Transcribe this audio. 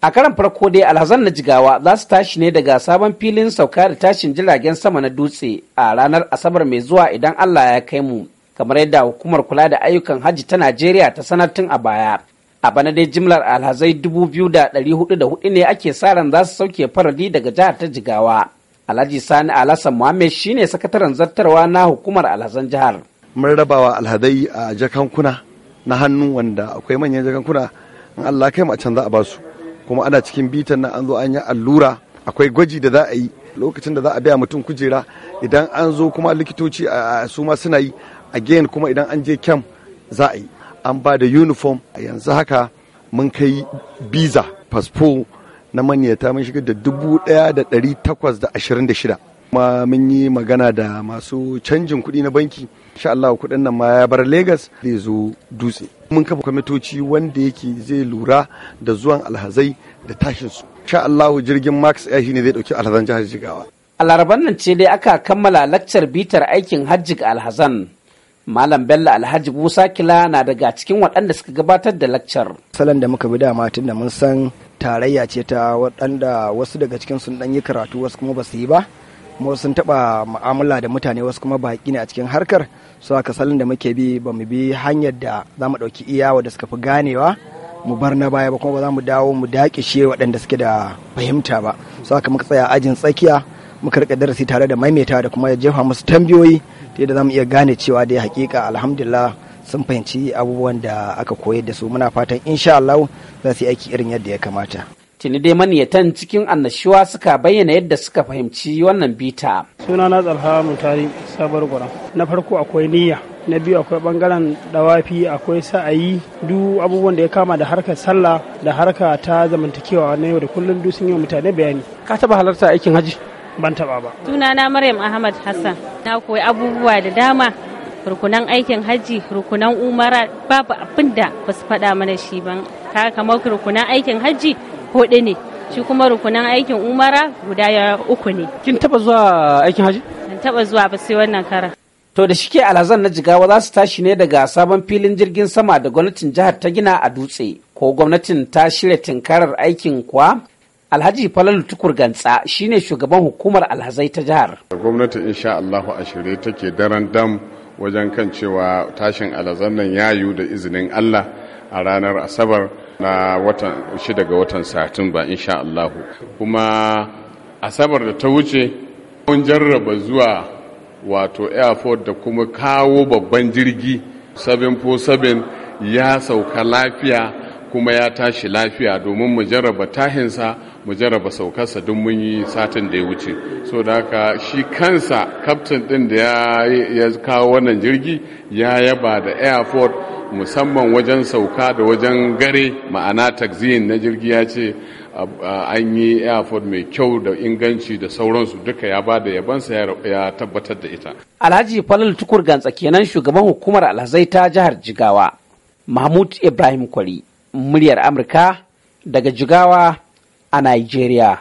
A karan farko dai alhazan na jigawa za su tashi ne daga sabon filin sauka da tashin jiragen sama na dutse a ranar Asabar mai zuwa idan Allah ya kai mu, kamar yadda hukumar kula da ayyukan hajji ta Najeriya ta sanar tun a baya. A bana dai jimlar alhazai hudu ne ake sa ran za su sauke faradi daga jihar ta jigawa. Alhaji Sani Alhassan muhammed shine sakataren zartarwa na hukumar alhazan jihar. Mun rabawa alhazai a jakankuna na hannu wanda akwai manyan jakankuna in Allah kai mu a can za a basu. kuma ana cikin bitan nan an zo an yi allura akwai gwaji da za a yi lokacin da za a biya mutum kujera idan an zo kuma likitoci a su ma suna yi again kuma idan an je kyam za a yi an ba da uniform a yanzu haka mun kai visa fasfo na manyata mun shiga da dubu daya da dari takwas da ashirin da shida kuma mun yi magana da masu canjin kuɗi na banki insha Allah kuɗin nan ma ya bar Legas zai zo dutse mun kafa kwamitoci wanda yake zai lura da zuwan alhazai da tashin su insha Allah jirgin Max shi ne zai ɗauki alhazan jihar Jigawa a laraban nan ce dai aka kammala lakcar bitar aikin hajji ga alhazan Malam Bello Alhaji Musa Kila na daga cikin waɗanda suka gabatar da lakcar. Salon da muka bi dama tun da mun san tarayya ce ta waɗanda wasu daga cikin sun ɗan yi karatu wasu kuma ba su yi ba mu sun taba mu'amala da mutane wasu kuma baki ne a cikin harkar su aka salin da muke bi ba mu bi hanyar da za mu ɗauki iyawa da suka fi ganewa mu bar na baya ba kuma ba za mu dawo mu shi waɗanda suke da fahimta ba su aka muka tsaya ajin tsakiya muka rika darasi tare da maimaita da kuma jefa musu tambiyoyi ta yadda za mu iya gane cewa dai hakika alhamdulillah sun fahimci abubuwan da aka koyar da su muna fatan insha Allah za su yi aiki irin yadda ya kamata tuni dai maniyatan cikin annashuwa suka bayyana yadda suka fahimci wannan bita suna na tsalha mutari sabar gura na farko akwai niyya na biyu akwai bangaren dawafi akwai sa'ayi duk abubuwan da ya kama da harkar sallah da harka ta zamantakewa na yau da kullum duk sun yi mutane bayani ka taba halarta aikin haji ban taba ba suna na maryam ahmad hassan na koyi abubuwa da dama rukunan aikin hajji rukunan umara babu abinda da ba su faɗa mana shi ban ka kamar rukunan aikin hajji hudu ne shi kuma rukunan aikin umara guda ya uku ne kin taba zuwa aikin haji kin taba zuwa ba sai wannan kara to da shike alhazan na jigawa za su tashi ne daga sabon filin jirgin sama da gwamnatin jihar ta gina a dutse ko gwamnatin ta shirya tinkarar aikin kuwa alhaji falalu tukur gantsa shine shugaban hukumar alhazai ta jihar gwamnati insha allahu a shirye take daren dam wajen kan cewa tashin alhazan nan ya yayu da izinin allah a ranar asabar na watan shida ga watan satumba insha Allahu kuma asabar da ta wuce mun jarraba zuwa wato airport da kuma kawo babban jirgi 747 ya sauka lafiya kuma ya tashi lafiya domin mu jarraba tahinsa mu jarraba saukarsa duk mun yi satin da ya wuce so da haka shi kansa kaftin din da ya kawo wannan jirgi ya yaba da airport musamman wajen sauka da wajen gare ma'ana taxiyin na jirgi ya ce an yi airport mai kyau da inganci da sauransu duka ya ba da yabansa ya tabbatar da ita alhaji falal tukur gantsa kenan shugaban hukumar alhazai ta jihar jigawa mahmud ibrahim kwari muryar Amurka daga Jigawa a Najeriya.